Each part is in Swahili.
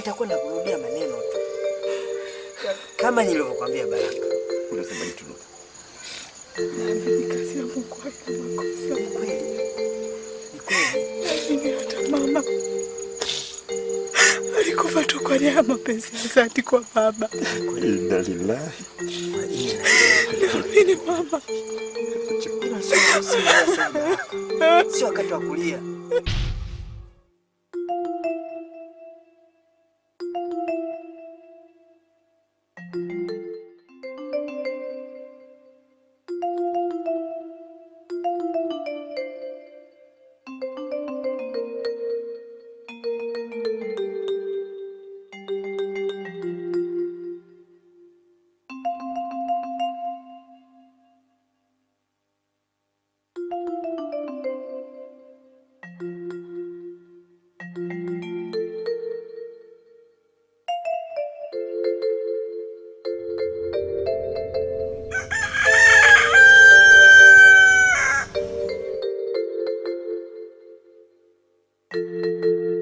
nitakuwa nakurudia maneno tu kama nilivyokuambia Baraka. Unasema kitu gani? Mama alikufa tu kwa nia ya mapenzi ya dhati kwa baba. Inna lillahi wa inna ilaihi raji'un. Mama, sio wakati wa kulia. Música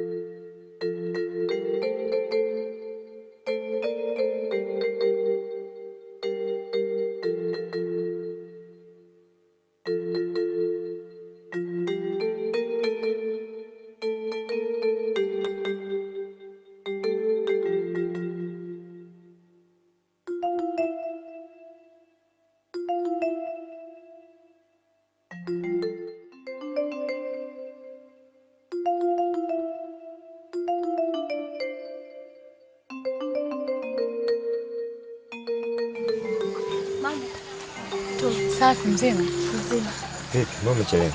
Safi mzima. Mzima. Vipi, mbona umechelewa?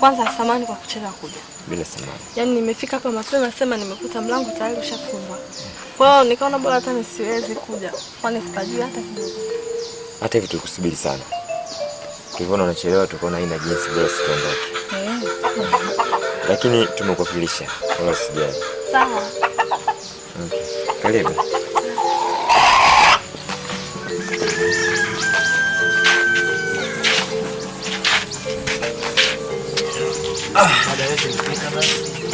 Kwanza samani kwa kuchelewa kuja. Bila samani. Yaani nimefika hapa mapema nasema nimekuta mlango tayari ushafungwa. Kwa hiyo nikaona bora hata nisiwezi kuja. Kwani sipajui hata kidogo. Hata hivi tulikusubiri sana. Tulivyoona unachelewa tukaona haina jinsi basi tuondoke. Eh. Lakini tumekuwakilisha. Wala usijali. Sawa. Okay. Karibu. 大家一起干吧！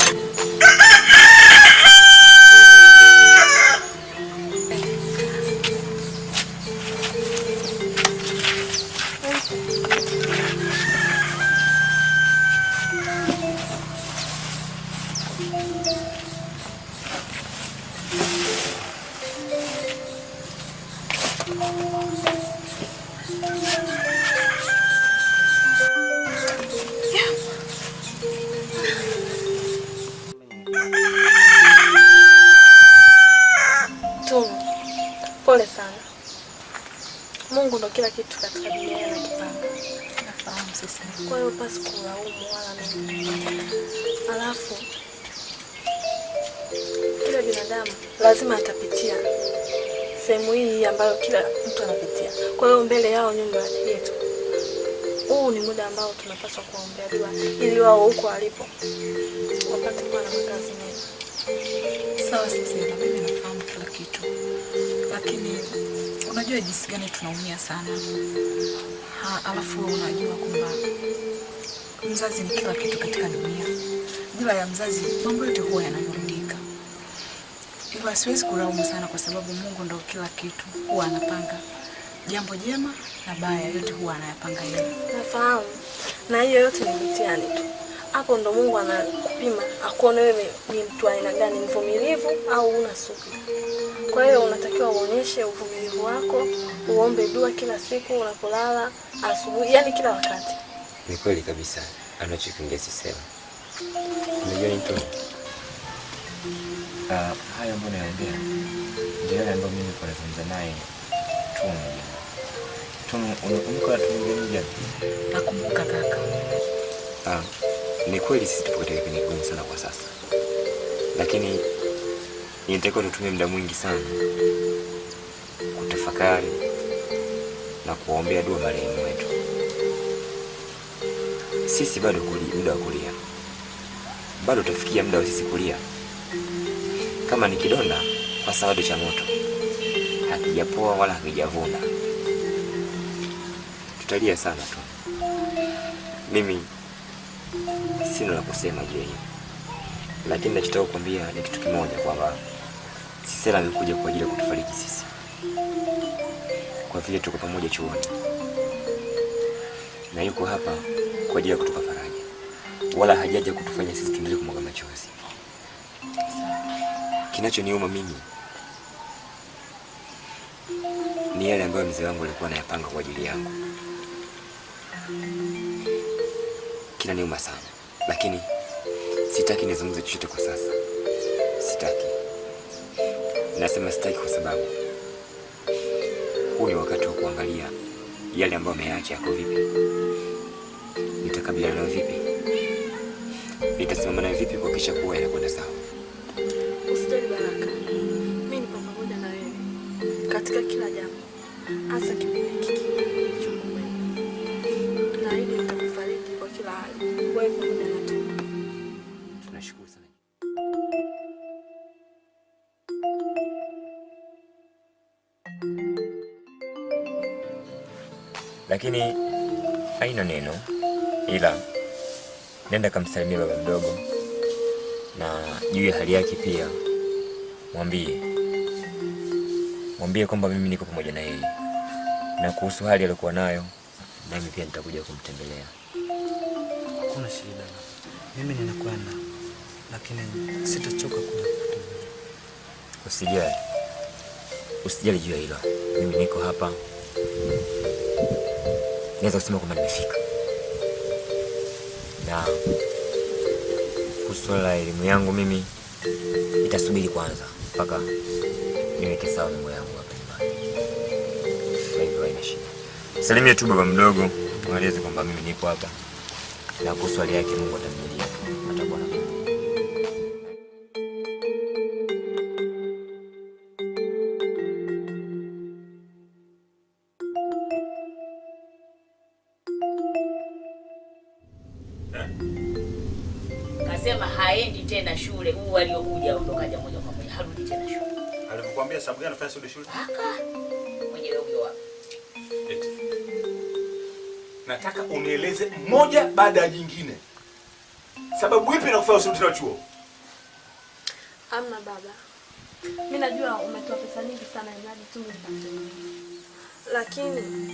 Kwa hiyo pasi kulaumu wala nini. Alafu kila binadamu lazima atapitia sehemu hii ambayo kila mtu anapitia. Kwa hiyo mbele yao nyumba yetu, huu ni muda ambao tunapaswa kuombea dua ili wao huko walipo wapate kuwa na makazi mema. Sawa, sisi mimi nafahamu kila kitu, lakini unajua jinsi gani tunaumia sana ha, alafu unajua kwamba mzazi ni kila kitu katika dunia. Bila ya mzazi mambo yote huwa yanarudika, hivyo siwezi kulaumu sana kwa sababu Mungu ndo kila kitu, huwa anapanga jambo jema na baya, yote huwa anayapanga yeye. Nafahamu na hiyo yote ni mtihani tu, hapo ndo Mungu anakupima akuone wewe ni mtu aina gani, mvumilivu au una subira. Kwa hiyo unatakiwa uonyeshe uvumilivu wako, uombe dua kila siku unapolala, asubuhi, yani kila wakati. Ni kweli kabisa anachokiongea Sisera. Unajua nini tu? Ah, haya mbona yaongea? Ndio yale ambayo mimi kwa nazungumza naye tu mjana. Tunu, unakumbuka tuongea mjana? Nakumbuka kaka. Ah, ni kweli sisi tupo katika kipindi kigumu sana kwa sasa, lakini nitakuwa tutumie muda mwingi sana kutafakari na kuombea dua marehemu wetu. Sisi bado kuli, muda wa kulia, bado tutafikia muda wa sisi kulia. Kama ni kidonda, kwa sababu cha moto hakijapoa wala hakijavuna, tutalia sana tu. Mimi sina la kusema juu hiyo, lakini nachotaka kukwambia ni kitu kimoja, kwamba Sisera amekuja kwa ajili ya kutufariki sisi kwa vile tuko pamoja chuoni, na yuko hapa kwa ajili ya kutupa faraja, wala hajaja kutufanya sisi tuendelee kumwaga machozi. Kinachoniuma mimi ni yale ambayo mzee wangu alikuwa anayapanga kwa ajili yangu. Kinaniuma sana, lakini sitaki nizungumze chochote kwa sasa. Sitaki, nasema sitaki kwa sababu ule wakati wa kuangalia yale ambayo ameacha yako vipi, nitakabiliana nayo vipi, nitasimama nayo vipi kuhakikisha kuwa yanakwenda sawa. Usijali Baraka, mimi nipo pamoja na wewe katika kila jambo, hasa kipindi hiki. lakini haina neno, ila nenda kamsalimia baba mdogo, na juu ya hali yake pia mwambie mwambie kwamba mimi niko pamoja na yeye, na kuhusu hali aliyokuwa nayo, nami pia nitakuja kumtembelea. Hakuna shida, mimi ninakwenda, lakini sitachoka kuja kukutembelea. Usijali, usijali juu ya hilo, mimi niko hapa naweza kusema kwamba nimefika. Na kuhusu la elimu yangu, mimi nitasubiri kwanza mpaka niweke sawa mambo yangu hapa nyumbani. shida. Salimia tu baba mdogo, mweleze kwamba mimi nipo hapa na kuhusu yake Mungu atamjalia. tena shule. Huu aliokuja ondokaja moja kwa moja, harudi tena shule. Alikwambia sababu gani afanye sio shule? Haka. Mwenyewe huyo wapi? Nataka unieleze moja baada ya nyingine. Sababu ipi inakufanya usirudi tena chuo? Amna baba. Mimi najua umetoa pesa nyingi sana mradi tu Lakini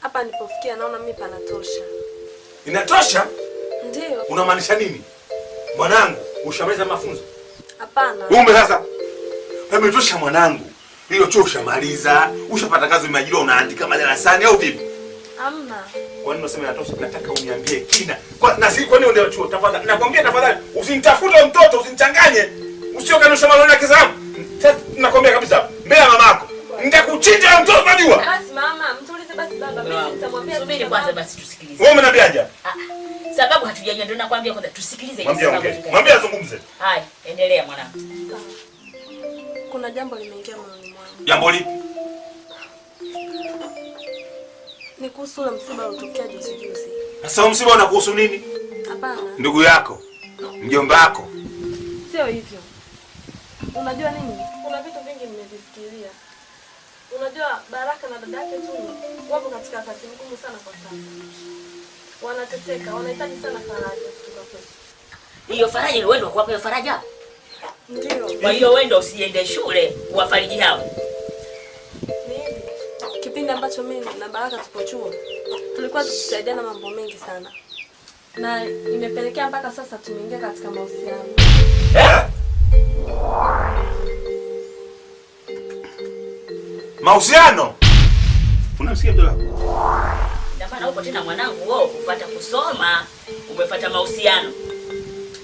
hapa nilipofikia naona mimi panatosha. Inatosha? Ndio. Unamaanisha nini? Mwanangu, ushamaliza mafunzo? Hapana. Umbe sasa. Hebu mwanangu. Hilo chuo ushamaliza, ushapata kazi umeajiriwa unaandika madarasani au vipi? Hamna. Kwa nini unasema inatosha? Nataka uniambie kina. Kwa na si kwa nini ndio chuo tafadhali. Nakwambia tafadhali usinitafute mtoto, usinichanganye. Usiokanusha usha maneno yake zangu. nakwambia kabisa mbele ya mamako. Nitakuchinja mtoto unajua. Basi mama, mtulize basi baba. Mimi nitamwambia. Subiri kwanza basi tusikilize. Wewe umeniambiaje? hujajua, ndio nakwambia kwanza tusikilize. Mwambie azungumze. Hai, endelea mwanangu. Kuna jambo limeingia moyoni mwangu. Jambo lipi? Ni kuhusu ule msiba uliotokea juzi juzi. Sasa msiba unakuhusu nini? Hapana. Ndugu yako, mjomba wako. Sio hivyo. Unajua nini? Kuna vitu vingi nimevifikiria. Unajua Baraka na dada yake tu wapo katika wakati mgumu sana kwa sasa wanateseka, wanahitaji sana faraja Hiyo faraja ni wewe kuwapa hiyo faraja. Ndio. Kwa hiyo wewe ndio usiende shule kuwafariji hao. Kipindi ambacho mimi na Baraka tupo chuo tulikuwa tukisaidiana mambo mengi sana, na imepelekea mpaka sasa tumeingia katika mahusiano. Eh? Mahusiano? Unamsikia Abdullah? Hapana, huko tena mwanangu, wewe ufuata kusoma, umepata mahusiano.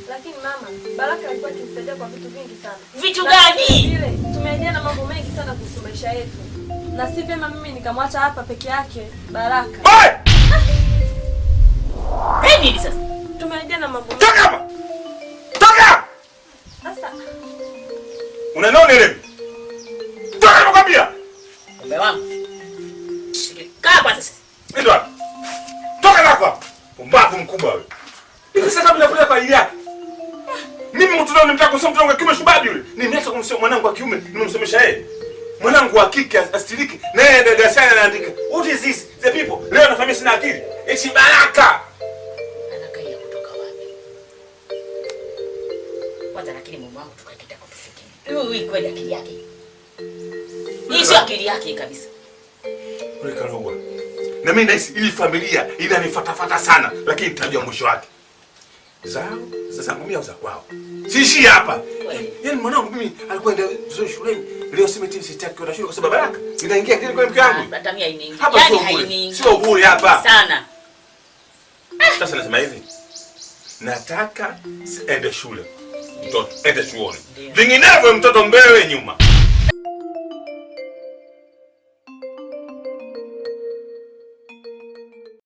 Lakini mama, Baraka alikuwa akimsaidia kwa vitu vingi sana. Vitu gani? Tumeendea na mambo mengi sana kuhusu maisha yetu, na si vyema mimi nikamwacha hapa peke yake Baraka. Hey, nini sasa? Tumeendea na mambo mengi. Toka hapa! Toka! Sasa. Unaona nini? mtu mkubwa wewe. Nikisema kama nakula kwa ajili yake. Mimi mtu ndio nimtaka kusoma mtu wangu kiume shubabi yule. Nimeacha kumsema mwanangu wa kiume, nimemsomesha yeye. Mwanangu wa kike astiriki, naye ndio darasani anaandika. What is this? The people leo nafahamia sina akili. Eti baraka. Anakaia kutoka wapi? Kwanza lakini mume wangu tukakita kutufikia. Huyu kweli akili yake. Hii sio akili yake kabisa. Wewe karogwa na mimi nahisi ili familia inanifatafata sana, lakini nitajua mwisho wake. Zao za zangu mimi au za kwao, siishi hapa. Yaani mwanangu mimi alikuwa ndio vizuri shuleni, leo si mtii, sitaki kwenda shule kwa sababu baraka inaingia kile kwa mke wangu. Hata ah, mimi hapa, sio yaani hainiingi, sio bure hapa sana. Sasa nasema hivi, nataka ende shule, mtoto ende chuoni, vinginevyo mtoto mbele nyuma.